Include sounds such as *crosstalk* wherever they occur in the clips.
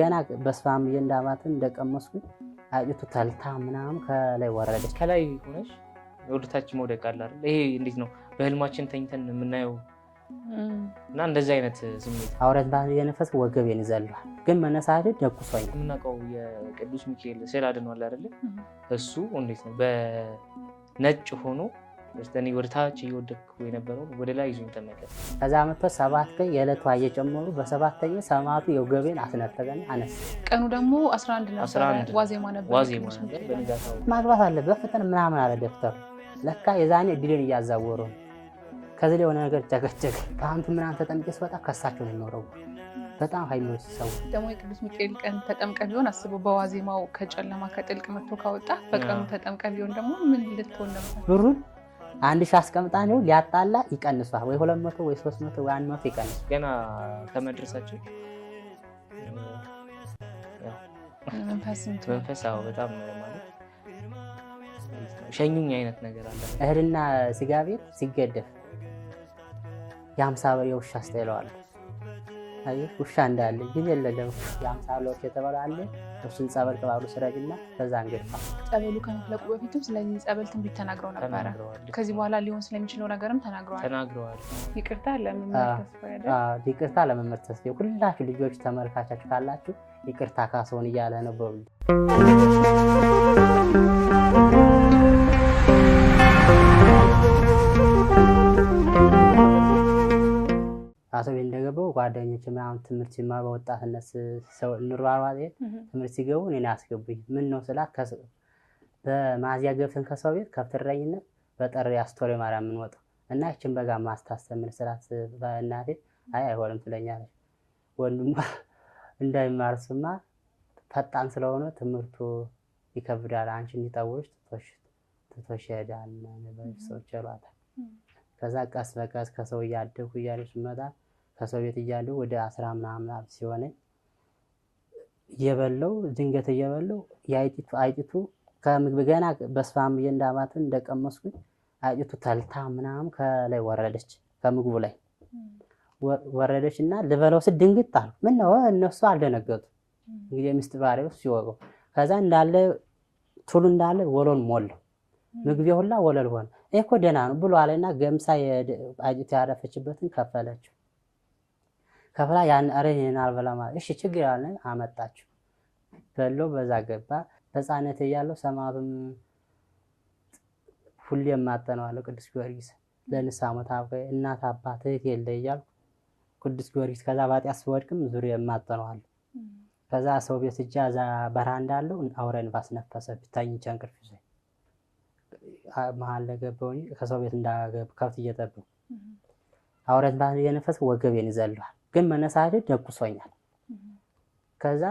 ገና በስፋም ብዬ እንዳማትን እንደቀመስኩኝ አጭቱ ተልታ ምናምን ከላይ ወረደች። ከላይ ሆነች ወደታች መውደቅ አላል። ይሄ እንዴት ነው በህልማችን ተኝተን የምናየው እና እንደዚህ አይነት ስሜት አውረት ባህል የነፈስ ወገቤን ይዘሏል። ግን መነሳት ደኩሷኝ የምናውቀው የቅዱስ ሚካኤል ስዕል አድኗል አይደለ? እሱ እንዴት ነው በነጭ ሆኖ በስተኔ ወደ ታች እየወደቅኩ የነበረውን ወደ ላይ ይዞኝ ተመለሰ። ከዛ መጥቶ ሰባት ቀን የዕለቱ እየጨመሩ በሰባተኛ ሰማቱ የወገቤን አስነጠቀና አነሳ። ቀኑ ደግሞ 11 ነበር፣ ዋዜማ ነበር። ማግባት አለ ፍጥን ምናምን አለ ደብተሩ። ለካ የዛኔ እድሌን እያዛወሩ ከዚህ ላይ የሆነ ነገር ጨቀጨቅ ከአንቱ ምናምን ተጠምቄ ስወጣ ከሳቸው ነው የሚኖረው በጣም ሃይማኖት ሰው ደግሞ የቅዱስ ሚካኤል ቀን ተጠምቀ ቢሆን አስቡ፣ በዋዜማው ከጨለማ ከጥልቅ መጥቶ ካወጣ በቀኑ ተጠምቀ ቢሆን ደግሞ ምን ልትሆን ነበር? ብሩን አንድ ሺህ አስቀምጣ ነው ሊያጣላ ይቀንሷል ወይ ሁለት መቶ ወይ ሶስት መቶ ወይ አንድ መቶ ይቀንሷል። ገና ከመድረሳችን መንፈስ በጣም ማለት ሸኙኝ አይነት ነገር አለ። እህልና ስጋ ቤት ሲገደፍ የአምሳ በሬ ውሻ አስተይለዋለሁ ውሻ እንዳለ ግን የለለም የአምሳ ብር የተባለ አለ እርሱን ጸበል ቅባሉ ስረጅና ከዛ እንገድፋ። ጸበሉ ከመፍለቁ በፊትም ስለዚህ ጸበል ትንቢት ተናግረው ነበረ። ከዚህ በኋላ ሊሆን ስለሚችለው ነገርም ተናግረዋል ተናግረዋል። ይቅርታ ለመምህር ተስፋዬ ሁላችሁ ልጆች ተመልካቻችሁ ካላችሁ ይቅርታ ካሰውን እያለ ነበሩ። አቶ ቤል እንደገባው ጓደኞች ምናምን ትምህርት ሲማር በወጣትነት ሰው ቤት ትምህርት ሲገቡ እኔን ያስገቡኝ ምን ነው ስላት በማዚያ ገብተን ከሰው ቤት ከፍትረኝነት በጠር አስቶሪ ማርያም የምንወጣው እና ይችን በጋ ማስታሰምን ስላት እናቴ አይ አይሆንም ትለኛለች። ወንድሟ እንዳይማር ስማር ፈጣን ስለሆነ ትምህርቱ ይከብዳል፣ አንቺ እንዲጠውሽ ትቶሽ ይሄዳል ሰዎች ይሏታል። ከዛ ቀስ በቀስ ከሰው እያደጉ እያለች ስመጣ ከሰው ቤት እያለሁ ወደ አስራ ምናምን ሲሆነኝ እየበለው ድንገት እየበለው የአይጢቱ አይጢቱ ከምግብ ገና በስፋም ብዬ እንዳማትን እንደቀመስኩኝ አይጢቱ ተልታ ምናምን ከላይ ወረደች ከምግቡ ላይ ወረደች እና ልበለው ስል ድንግጥ አሉ። ምነው እነሱ አልደነገጡ እንግዲህ የሚስጥ ባሪው ሲወቀው ከዛ እንዳለ ቱሉ እንዳለ ወሎን ሞላው። ምግቤ ሁላ ወለል ሆነ። ይሄ እኮ ደህና ነው ብሎ አለና ገምሳ አይጢቱ ያረፈችበትን ከፈለችው። ከፍላ ያን ይናል አልበላማ እሺ ችግር ያለ አመጣችሁ በሎ በዛ ገባ። በህፃነት እያለሁ ሰማዕቱም ሁሌ የማጠነዋለሁ ቅዱስ ጊዮርጊስ ለንስሐ ሞት እናት አባት እህት የለ እያልኩ ቅዱስ ጊዮርጊስ ከዛ ባጢያ ስወድቅም ዙሪያ የማጠነዋለሁ። ከዛ ሰው ቤት እጃ ዛ በረሃ እንዳለው አውሬ ንፋስ ነፈሰ ብታኝቻ እንቅልፍ ይዞ መሀል ለገባው ከሰው ቤት እንዳገብ ከብት እየጠበቁ አውሬ ንፋስ እየነፈሰ ወገቤን ይዘለዋል። ግን መነሳቴ ደጉሶኛል። ከዛ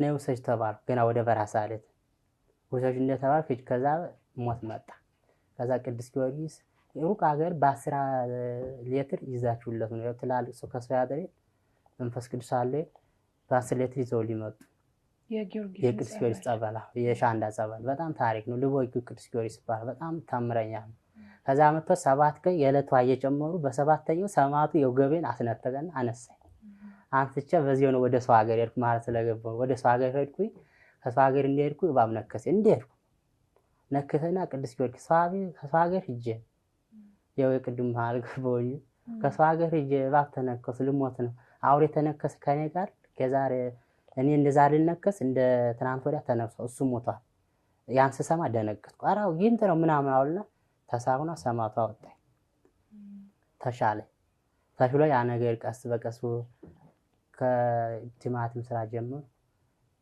ነይ ውሰጅ ተባልኩ። ገና ወደ በረሃ ሳለት ውሰጅ እንደተባልኩ ከዛ ሞት መጣ። ከዛ ቅዱስ ጊዮርጊስ ሩቅ ሀገር በአስራ ሌትር ይዛችሁለት ነው ትላልቅ ሰው ከሰው ያደሬ መንፈስ ቅዱስ አለ በአስር ሌትር ይዘው ሊመጡ የቅዱስ ጊዮርጊስ ጸበላ የሻንዳ ጸበል በጣም ታሪክ ነው። ልቦ ቅዱስ ጊዮርጊስ ይባላል። በጣም ታምረኛ ነው። ከዛ መጥቶ ሰባት ቀን የዕለቷ እየጨመሩ በሰባተኛው ሰማዕቱ የወገቤን አስነጠቀና አነሳኝ። አንስቼ በዚህ ነው ወደ ሰው ሀገር ሄድኩ ማለት ስለገባሁ ወደ ሰው ሀገር ሄድኩኝ። ከሰው ሀገር እንደሄድኩ እባብ ነከሰ እንደሄድኩ ነከሰና ቅዱስ ጊዮርጊስ ሰዋቢ ከሰው ሀገር ሂጄ ያው የቅድም አልገባሁኝ። ከሰው ሀገር ሂጄ እባብ ተነከሱ ልሞት ነው አውሬ ተነከሰ ከኔ ጋር ከዛሬ እኔ እንደዛ ልነከስ እንደ ትናንት ወዲያ ተነክሶ እሱ ሞቷል። ያን ስሰማ ደነገጥኩ። አራው ይንት ነው ምናምን አውልና ተሳቅና ሰማቷ ወጣኝ። ተሻለ ተሽሎ ያ ነገር ቀስ በቀሱ ከቲማቲም ስራ ጀምሮ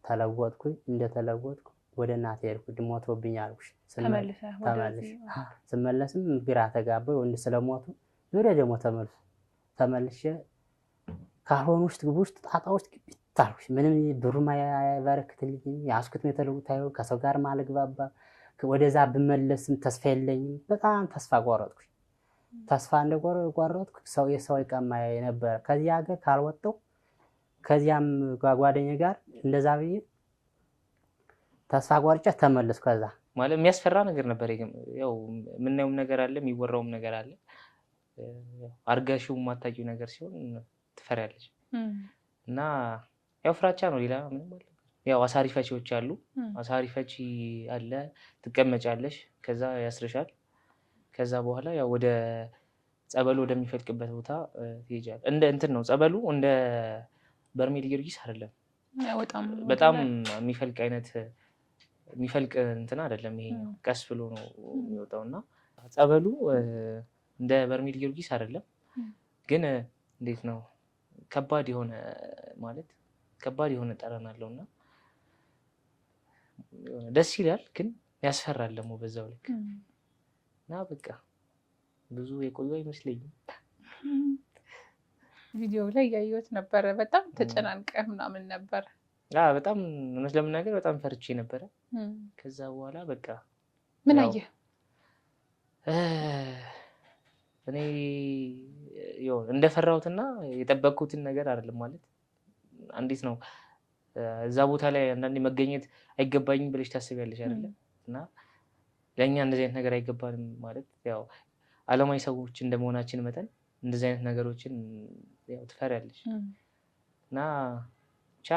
ተለወጥኩ። እንደተለወጥኩ ወደ እናቴ ሄድኩ። ድሞቶብኝ አልኩሽ። ተመልሽ ስመለስም ግራ ተጋባ። ወንድ ስለሞቱ ዙሪያ ደግሞ ተመልሱ ተመልሼ ካልሆኑ ውስጥ ግቡ ውስጥ ጣጣ ውስጥ ግቢት አልኩሽ። ምንም ብሩማ ያበረክትልኝ ያስኩት የተለውታየ ከሰው ጋር ማለግባባ ወደዛ ብመለስም ተስፋ የለኝም። በጣም ተስፋ ጓረጥኩ ተስፋ እንደጓረጥኩ ሰው የሰው ይቀማ ነበረ። ከዚህ ሀገር ካልወጣሁ ከዚያም ጓደኛ ጋር እንደዛ ብዬ ተስፋ ጓርጫ ተመለስኩ። ከዛ ማለት የሚያስፈራ ነገር ነበር። ያው የምናየውም ነገር አለ፣ የሚወራውም ነገር አለ። አርጋሽው የማታውቂው ነገር ሲሆን ትፈሪያለች እና ያው ፍራቻ ነው፣ ሌላ ምንም አለ ያው አሳሪ ፈቺዎች አሉ። አሳሪ ፈቺ አለ። ትቀመጫለሽ፣ ከዛ ያስርሻል። ከዛ በኋላ ያው ወደ ጸበሉ ወደሚፈልቅበት ቦታ ትሄጃለሽ። እንደ እንትን ነው ጸበሉ፣ እንደ በርሜል ጊዮርጊስ አይደለም። በጣም የሚፈልቅ አይነት የሚፈልቅ እንትን አይደለም። ይሄ ቀስ ብሎ ነው የሚወጣው እና ጸበሉ እንደ በርሜል ጊዮርጊስ አይደለም፣ ግን እንዴት ነው ከባድ የሆነ ማለት ከባድ የሆነ ጠረን አለውና ደስ ይላል፣ ግን ያስፈራል ደግሞ በዛው ልክ እና በቃ ብዙ የቆዩ አይመስለኝም። ቪዲዮ ላይ ያየሁት ነበረ። በጣም ተጨናንቀህ ምናምን ነበረ። በጣም እውነት ለመናገር በጣም ፈርቼ ነበረ። ከዛ በኋላ በቃ ምን አየህ? እኔ እንደፈራሁትና የጠበቅኩትን ነገር አይደለም ማለት እንዴት ነው እዛ ቦታ ላይ አንዳንዴ መገኘት አይገባኝም ብለሽ ታስቢያለሽ አይደለም? እና ለእኛ እንደዚህ አይነት ነገር አይገባንም ማለት ያው አለማዊ ሰዎች እንደመሆናችን መጠን እንደዚህ አይነት ነገሮችን ያው ትፈሪያለሽ እና ብቻ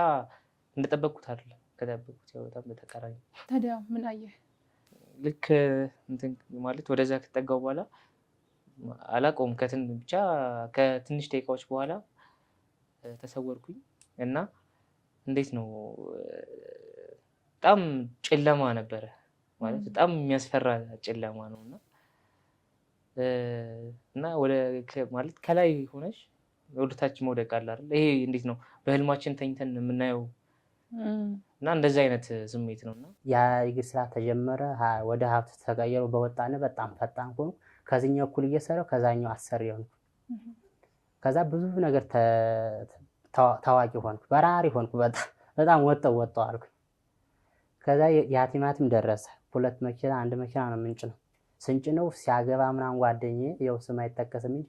እንደጠበቅኩት አይደለም። ከጠበቅኩት ያው በጣም በተቃራኒ። ታዲያ ምን አየህ? ልክ እንትን ማለት ወደዛ ከተጠጋው በኋላ አላቆም ከትን ብቻ ከትንሽ ደቂቃዎች በኋላ ተሰወርኩኝ እና እንዴት ነው በጣም ጨለማ ነበረ ማለት በጣም የሚያስፈራ ጨለማ ነው እና እና ወደ ማለት ከላይ ሆነሽ ወደታች መውደቅ አለ አይደል? ይሄ እንዴት ነው በህልማችን ተኝተን የምናየው እና እንደዚህ አይነት ስሜት ነው። እና ያ የእግር ስራ ተጀመረ፣ ወደ ሀብት ተቀየሩ። በወጣነ በጣም ፈጣን ሆኑ። ከዚህኛው እኩል እየሰራው ከዛኛው አሰር የሆኑ ከዛ ብዙ ነገር ታዋቂ ሆንኩ፣ በራሪ ሆንኩ። በጣም *laughs* ወጠው ወጠው አልኩ። ከዛ የቲማቲም ደረሰ። ሁለት መኪና አንድ መኪና ነው ምንጭ ነው ስንጭ ነው ሲያገባ ምናምን ጓደኛዬ ያው ስም አይጠቀስም እንጂ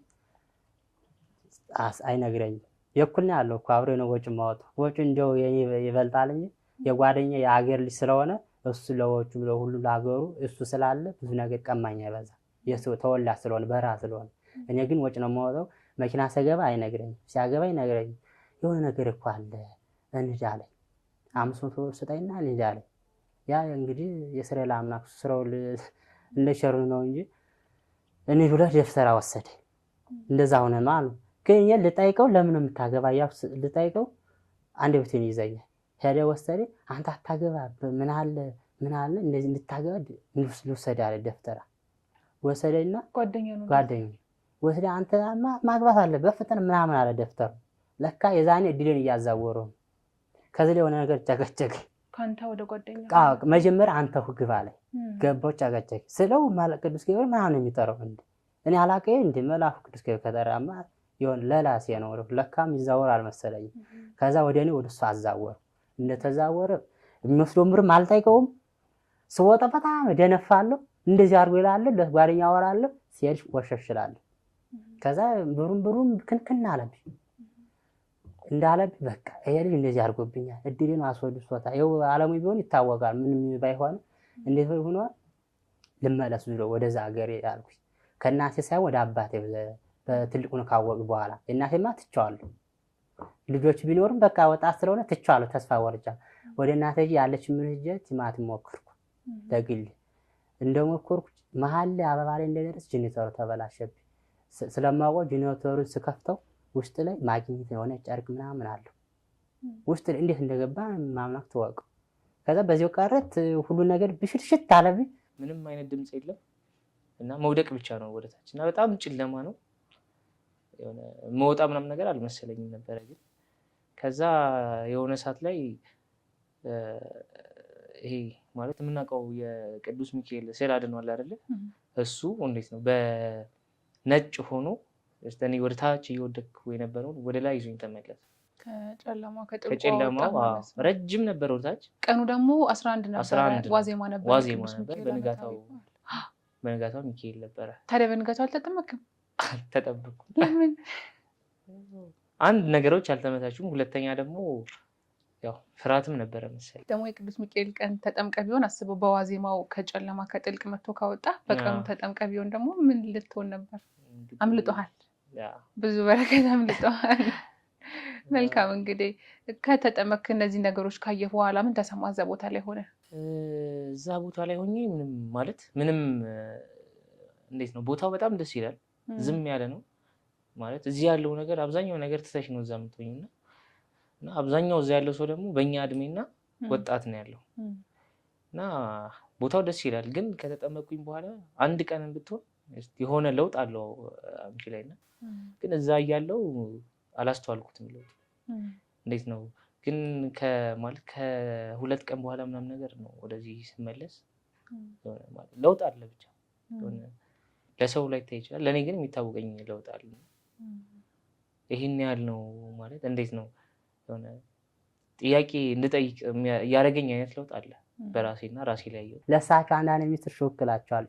አይነግረኝም። የእኩል ነው ያለው እኮ አብሬ ነው ወጪ ማወጣ ወጪ እንደው የኔ ይበልጣል እንጂ የጓደኛዬ የአገር ልጅ ስለሆነ እሱ ለወጩ ለሁሉ ለአገሩ እሱ ስላለ ብዙ ነገር ቀማኝ አይበዛ የሰው ተወላ ስለሆነ በረሃ ስለሆነ እኔ ግን ወጭ ነው የማወጣው። መኪና ሰገባ አይነግረኝም፣ ሲያገባ አይነግረኝም። የሆነ ነገር እኮ አለ እንሂድ አለኝ። አምስት መቶ ብር ስጠኝና እንሂድ አለኝ። ያ እንግዲህ የእስራኤል አምላክ ስራው *laughs* እንደሸሩ ነው እንጂ እንሂድ ብለህ ደፍተራ ወሰደ። እንደዛ ሆነ ነው አሉ። ግን እኔ ልጠይቀው ለምን የምታገባ ያ ልጠይቀው አንድ ቤትን ይዘኛል ሄደ ወሰደ። አንተ አታገባ ምን አለ ምን አለ እንደዚህ እንድታገባ ልውሰድ አለ ደፍተራ ወሰደና ጓደኛ ወስደ አንተ ማግባት አለ በፍጥነት ምናምን አለ ደፍተሩ ለካ የዛኔ እድልን እያዛወረው ከዚህ የሆነ ነገር ጨቀጨቅ ከአንተ ወደ ጓደኛ መጀመሪያ አንተ ግባ ላይ ገባው ጨቀጨቅ ስለው መላክ ቅዱስ ገብርኤል ማን ነው የሚጠራው። እንደ እኔ አላቀ እንደ መላኩ ቅዱስ ገብርኤል ከጠራማ ይሆን ለላሴ ነው ለካም ይዛወር አልመሰለኝም። ከዛ ወደ እኔ ወደ እሱ አዛወር እንደተዛወረ የሚወስደው ምርም አልጠይቀውም። ስወጣ በጣም ደነፋለሁ። እንደዚህ አድርጎ ይላለሁ። ለጓደኛ አወራለሁ። ሲሄድ ወሸሽላለሁ። ከዛ ብሩም ብሩም ክንክን አለብኝ እንዳለብ በቃ ይሄ ልጅ እንደዚህ አድርጎብኛል፣ እድሌን አስወድሶታል። ይኸው አለሙ ቢሆን ይታወቃል፣ ምንም ባይሆን እንዴት ሆይ ሆኗል። ልመለስ ብሎ ወደዛ ሀገር ያልኩኝ ከእናቴ ሳይሆን ወደ አባቴ በትልቁን ካወቅ በኋላ የእናቴማ ትቼዋለሁ። ልጆች ቢኖርም በቃ ወጣት ስለሆነ ትቼዋለሁ። ተስፋ ወርጃ ወደ እናቴ ያለች ምን ሂጅ ቲማቲም ሞከርኩ በግል እንደሞከርኩ መሀል አበባ ላይ እንደደረስ ጄኔተሩ ተበላሸብኝ። ስለማውቀው ጄኔተሩን ስከፍተው ውስጥ ላይ ማግኘት የሆነ ጨርቅ ምናምን አለው ውስጥ ላይ እንዴት እንደገባ ማምናክ ተዋቅ። ከዛ በዚህ ቀረት ሁሉ ነገር ብሽትሽት አለብ። ምንም አይነት ድምፅ የለም እና መውደቅ ብቻ ነው ወደታች እና በጣም ጨለማ ነው። መውጣ ምናምን ነገር አልመሰለኝም ነበረ። ግን ከዛ የሆነ ሰዓት ላይ ይሄ ማለት የምናውቀው የቅዱስ ሚካኤል ስዕል አድኗል አይደለ? እሱ እንዴት ነው በነጭ ሆኖ እኔ ወደ ታች እየወደኩ የነበረውን ወደ ላይ ይዞኝ ተመለሰ። ከጨለማው ረጅም ነበር ወደ ታች። ቀኑ ደግሞ አስራ አንድ ነበር፣ ዋዜማ ነበር። በንጋታው በንጋታው ሚካኤል ነበረ። ታዲያ በንጋታው አልተጠመክም? አልተጠበኩም። ለምን? አንድ ነገሮች አልተመታችሁም፣ ሁለተኛ ደግሞ ያው ፍርሃትም ነበረ መሰለኝ። ደግሞ የቅዱስ ሚካኤል ቀን ተጠምቀ ቢሆን አስበው፣ በዋዜማው ከጨለማ ከጥልቅ መቶ ካወጣ በቀኑ ተጠምቀ ቢሆን ደግሞ ምን ልትሆን ነበር? አምልጦሃል ብዙ በረከት አምልጠዋል። መልካም እንግዲህ ከተጠመክ እነዚህ ነገሮች ካየ በኋላ ምን ተሰማ? እዛ ቦታ ላይ ሆነ እዛ ቦታ ላይ ሆኜ ምንም ማለት ምንም እንዴት ነው ቦታው በጣም ደስ ይላል። ዝም ያለ ነው ማለት እዚህ ያለው ነገር አብዛኛው ነገር ትተሽ ነው እዛ የምትሆኝና እና አብዛኛው እዛ ያለው ሰው ደግሞ በእኛ እድሜና ወጣት ነው ያለው እና ቦታው ደስ ይላል። ግን ከተጠመቁኝ በኋላ አንድ ቀን ብትሆን የሆነ ለውጥ አለው አንቺ ላይ እና ግን እዛ እያለው አላስተዋልኩትም። ለውጥ እንዴት ነው ግን ማለት ከሁለት ቀን በኋላ ምናምን ነገር ነው ወደዚህ ስመለስ ለውጥ አለ ብቻ ለሰው ላይ ታይ ይችላል። ለእኔ ግን የሚታወቀኝ ለውጥ አለ። ይህን ያህል ነው ማለት እንዴት ነው ሆነ ጥያቄ እንድጠይቅ እያደረገኝ አይነት ለውጥ አለ። በራሴና ራሴ ላይ ያየው ለሳካ አንዳንድ ሚስጥር ሾክ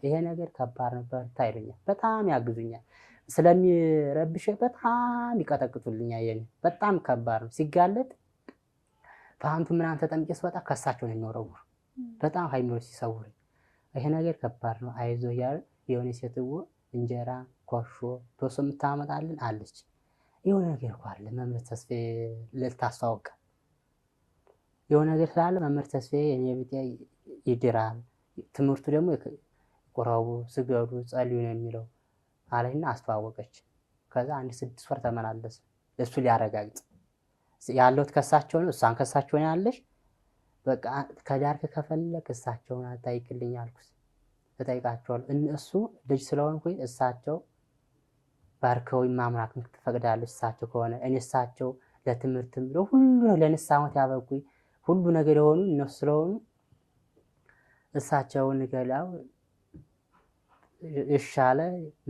ይሄ ነገር ከባድ ነበር ታይለኛል በጣም ያግዙኛል። ስለሚረብሽ በጣም ይቀጠቅጡልኛ የ በጣም ከባድ ነው ሲጋለጥ ፋንቱ ምናን ተጠምቄ ስወጣ ከሳቸው ነው የሚወረውሩ። በጣም ሃይሚሮች ሲሰውር ይሄ ነገር ከባድ ነው አይዞ እያለ የሆነ ሴትዎ እንጀራ ኮሾ በሶ የምታመጣልን አለች የሆነ ነገር ኳለ መምረት ተስፋዬ ልታስተዋውቀ የሆነ ነገር ስላለ መምህር ተስፋዬ የኔ ቤት ይድራል፣ ትምህርቱ ደግሞ ቁረቡ፣ ስገዱ፣ ጸልዩ ነው የሚለው አለኝና አስተዋወቀች። ከዛ አንድ ስድስት ወር ተመላለስ እሱ ሊያረጋግጥ ያለሁት ከሳቸው ነው፣ እሷን ከሳቸው ነው ያለሽ። በቃ ከዳርክ ከፈለክ እሳቸውን አልታይክልኝ አልኩት። እጠይቃቸዋለሁ እነሱ ልጅ ስለሆንኩኝ እሳቸው ባርከው ማምራክ ትፈቅዳለች። እሳቸው ከሆነ እኔ እሳቸው ለትምህርትም ለሁሉ ሁሉ ለንስሐ ሕይወት ያበቁኝ ሁሉ ነገር የሆኑ እነሱ ስለሆኑ እሳቸውን ገላው እሻለ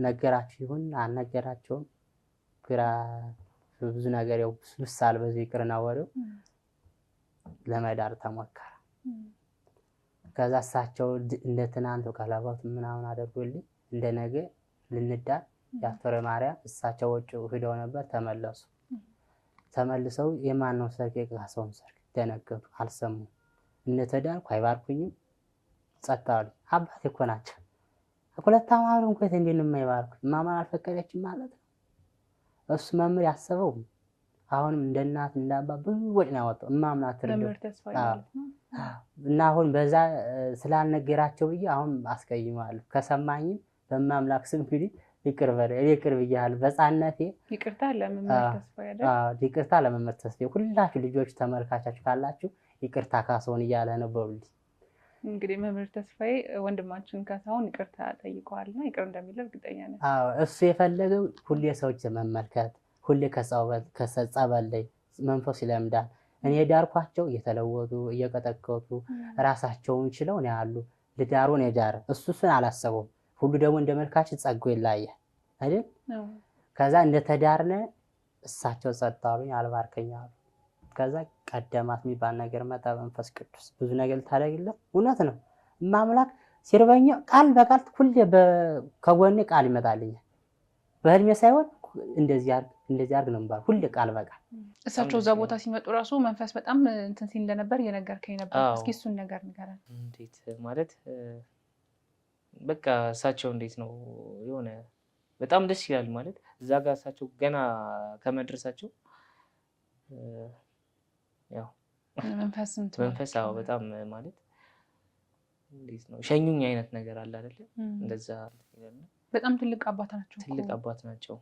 ነገራቸው ይሁን አልነገራቸውም ግራ ብዙ ነገር ያው ምሳል በዚህ ይቅርና ወሬው ለመዳር ተሞከረ። ከዛ እሳቸው እንደ ትናንት ቀለበት ምናምን አድርጎልኝ እንደ ነገ ልንዳር የአቶረ ማርያም እሳቸው ውጭ ሂደው ነበር። ተመለሱ ተመልሰው የማን ነው ሰርግ የቃሰውን ሰርግ ደነገጡ፣ አልሰሙ። እነተዳርኩ አይባርኩኝም፣ ጸጥ አሉ። አባት እኮ ናቸው። ሁለት አማሩ እንኳን እንዴት የማይባርኩ እማማ አልፈቀደችም ማለት ነው። እሱ መምህር ያሰበው አሁንም እንደ እናት እንዳባ ብዙ ወጭ ነው ያወጣው። እማም እና አሁን በዛ ስላልነገራቸው ብዬ አሁን አስቀይመዋለሁ። ከሰማኝም በማምላክ ስም እንግዲህ ይቅር በል ይቅር ብያል በጻነቴ ይቅርታ ለመምህር ተስፋዬ ሁላችሁ ልጆች ተመልካቻችሁ ካላችሁ ይቅርታ ካሰውን እያለ ነው በሉ። እንግዲህ መምህር ተስፋዬ ወንድማችን ካሳሁን ይቅርታ ጠይቀዋል ጠይቀዋልና ይቅር እንደሚል እርግጠኛ ነው እሱ የፈለገው ሁሌ ሰዎች መመልከት፣ ሁሌ ከጸበል ላይ መንፈስ ይለምዳል። እኔ ዳርኳቸው እየተለወጡ እየቀጠቀጡ ራሳቸውን ችለው ነው ያሉ። ልዳሩን የዳረ እሱ እሱን አላሰበውም ሁሉ ደግሞ እንደ መልካች ጸጋው ይለያያል አይደል? ከዛ እንደ ተዳርነ እሳቸው ጸጥ አሉኝ፣ አልባርከኝ አሉ። ከዛ ቀደማት የሚባል ነገር መጣ። መንፈስ ቅዱስ ብዙ ነገር ልታደርግለት እውነት ነው። ማምላክ ሲርበኛ ቃል በቃል ሁሌ ከጎኔ ቃል ይመጣልኛል። በህልሜ ሳይሆን እንደዚህ አድርግ እንደዚህ አድርግ ነው የሚባለው ሁሌ ቃል በቃል። እሳቸው እዛ ቦታ ሲመጡ ራሱ መንፈስ በጣም እንትን ሲል እንደነበር እየነገርከኝ ነበር። እስኪ እሱን ነገር ንገረን። እንዴት ማለት በቃ እሳቸው እንዴት ነው የሆነ በጣም ደስ ይላል ማለት እዛ ጋር እሳቸው ገና ከመድረሳቸው ያው መንፈስ አዎ በጣም ማለት እንዴት ነው ሸኙኝ አይነት ነገር አለ አይደለ? እንደዛ በጣም ትልቅ አባት ናቸው። ትልቅ አባት ናቸው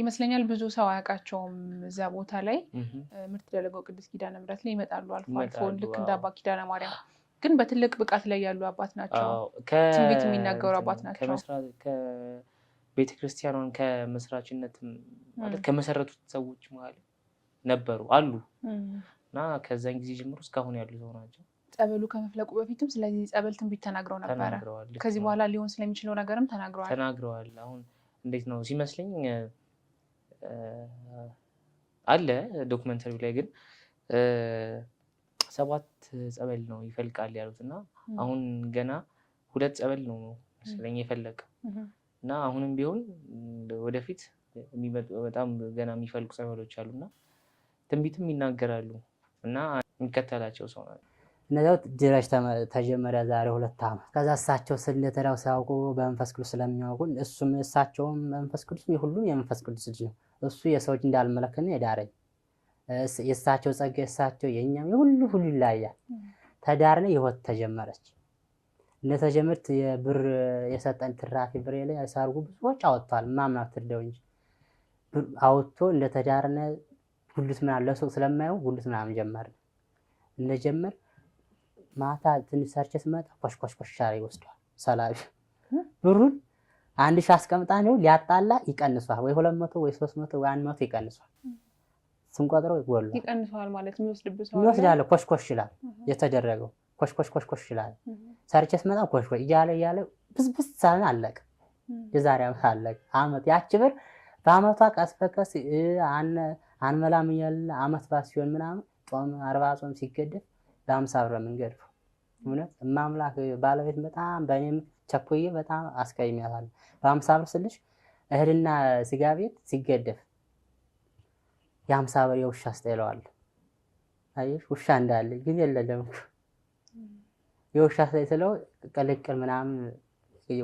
ይመስለኛል። ብዙ ሰው አያውቃቸውም። እዛ ቦታ ላይ ምርት ደለገው ቅዱስ ኪዳነ ምሕረት ላይ ይመጣሉ አልፎ አልፎ ልክ እንደ አባ ኪዳነ ማርያም ግን በትልቅ ብቃት ላይ ያሉ አባት ናቸው። ትንቢት የሚናገሩ አባት ናቸው። ከመስራችነት ክርስቲያኗን ከመሰረቱት ሰዎች መሀል ነበሩ አሉ እና ከዛን ጊዜ ጀምሮ እስካሁን ያሉ ሰው ናቸው። ጸበሉ ከመፍለቁ በፊትም ስለዚህ ጸበል ትንቢት ተናግረው ነበረ። ከዚህ በኋላ ሊሆን ስለሚችለው ነገርም ተናግረዋል ተናግረዋል። አሁን እንዴት ነው ሲመስለኝ አለ ዶክመንተሪው ላይ ግን ሰባት ጸበል ነው ይፈልቃል ያሉት እና አሁን ገና ሁለት ጸበል ነው መስለኝ የፈለቀ እና አሁንም ቢሆን ወደፊት በጣም ገና የሚፈልቁ ጸበሎች አሉና ትንቢትም ይናገራሉ እና የሚከተላቸው ሰው ነው። እነዚያው ድረጅ ተጀመረ ዛሬ ሁለት ዓመት። ከዛ እሳቸው ስለተራው ሲያውቁ በመንፈስ ቅዱስ ስለሚያውቁ እሱም እሳቸውም መንፈስ ቅዱስ ሁሉም የመንፈስ ቅዱስ ልጅ ነው። እሱ የሰዎች ልጅ እንዳልመለክን የዳረኝ የእሳቸው ጸጋ የእሳቸው የእኛም የሁሉ ሁሉ ይለያያል። ተዳርነ ህይወት ተጀመረች እንደተጀመርት የብር የሰጠን ትራፊ ብር ላይ ያሳርጉ ብዙዎች አወጥተዋል። ማምናት ትርደው እንጂ አወጥቶ እንደ እንደተዳርነ ጉልት ምናምን ለሱቅ ስለማየው ጉልት ምናምን ጀመርን። እንደጀመር ማታ ትንሽ ሰርቼ ስመጣ ኮሽኮሽኮሽ ሻ ይወስደዋል ሰላቢ ብሩን አንድ ሺህ አስቀምጣ ነው ሊያጣላ ይቀንሷል። ወይ ሁለት መቶ ወይ ሶስት መቶ ወይ አንድ መቶ ይቀንሷል። ስንቋጥረው ይጎላል፣ ይቀንሰዋል ማለት የሚወስድብህ ሰው ኮሽኮሽ ይላል የተደረገው ኮሽኮሽ ኮሽኮሽ ይላል። ሰርቼ ስመጣ ኮሽኮሽ እያለ እያለ ብዝብዝ ሳለን አለቅ የዛሬ ዓመት አለቅ ዓመት ያቺ ብር በዓመቷ ቀስ በቀስ አንመላም እያለ ዓመት ባስ ሲሆን ምናምን ጾም አርባ ጾም ሲገደፍ ለአምሳ ብር የምንገድፈው እውነት እማምላክ ባለቤት በጣም በእኔም ቸኩዬ በጣም አስቀይሜያታለሁ። በአምሳ ብር ስልሽ እህልና ስጋ ቤት ሲገደፍ የሀምሳ ብር የውሻ ስጠለዋል። አየሽ ውሻ እንዳለ ግን የለለም የውሻ ስጠይ ስለው ቅልቅል ምናምን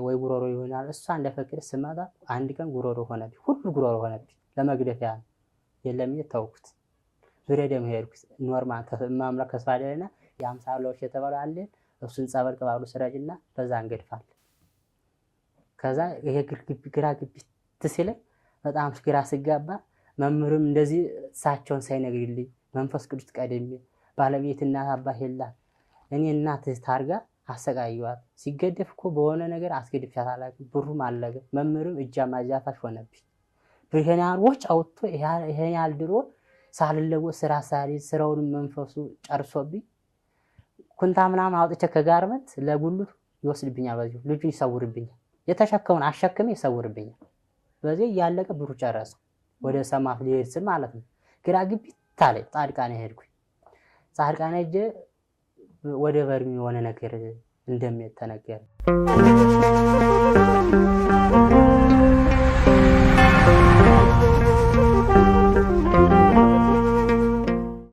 ወይ ጉሮሮ ይሆናል። እሷ እንደፈቅድ ፈቅድ ስመጣ አንድ ቀን ጉሮሮ ሆነብኝ፣ ሁሉ ጉሮሮ ሆነብኝ። ለመግደፍ ያህል የለም ተውኩት። ዙሪያ ደግሞ ሄድኩት። ኖርማል ማምለክ ተስፋ አደለና የአምሳ ለውሽ የተባለ አለ እሱን ጸበል ቅባሉ ስረጅ ስረጅና በዛ እንገድፋል። ከዛ ይሄ ግራ ግቢ ትስለኝ በጣም ግራ ስጋባ መምህርም እንደዚህ እሳቸውን ሳይነግርልኝ መንፈስ ቅዱስ ቀድሜ ባለቤት እናት አባት የላት እኔ እናት ታርጋ አሰቃየዋት። ሲገደፍ እኮ በሆነ ነገር አስገድፍሻት አላውቅም። ብሩም አለቀ። መምህርም እጃ ማጃፋሽ ሆነብኝ። ብርሄን ያህልዎች አውጥቶ ይሄን ያህል ድሮ ሳልለወጥ ስራ ሳልሄድ ስራውንም መንፈሱ ጨርሶብኝ ኩንታ ምናምን አውጥቼ ከጋርመንት ለጉልቱ ይወስድብኛል። በዚሁ ልጁን ይሰውርብኛል። የተሸከሙን አሸክሜ ይሰውርብኛል። በዚህ እያለቀ ብሩ ጨረሰው። ወደ ሰማፍ ሊሄድ ስል ማለት ነው። ግራ ግቢት አለኝ። ጻድቃን ሄድኩኝ። ጻድቃን ሄጀ ወደ በርሜ የሆነ ነገር እንደሚተነገር ተነገረ።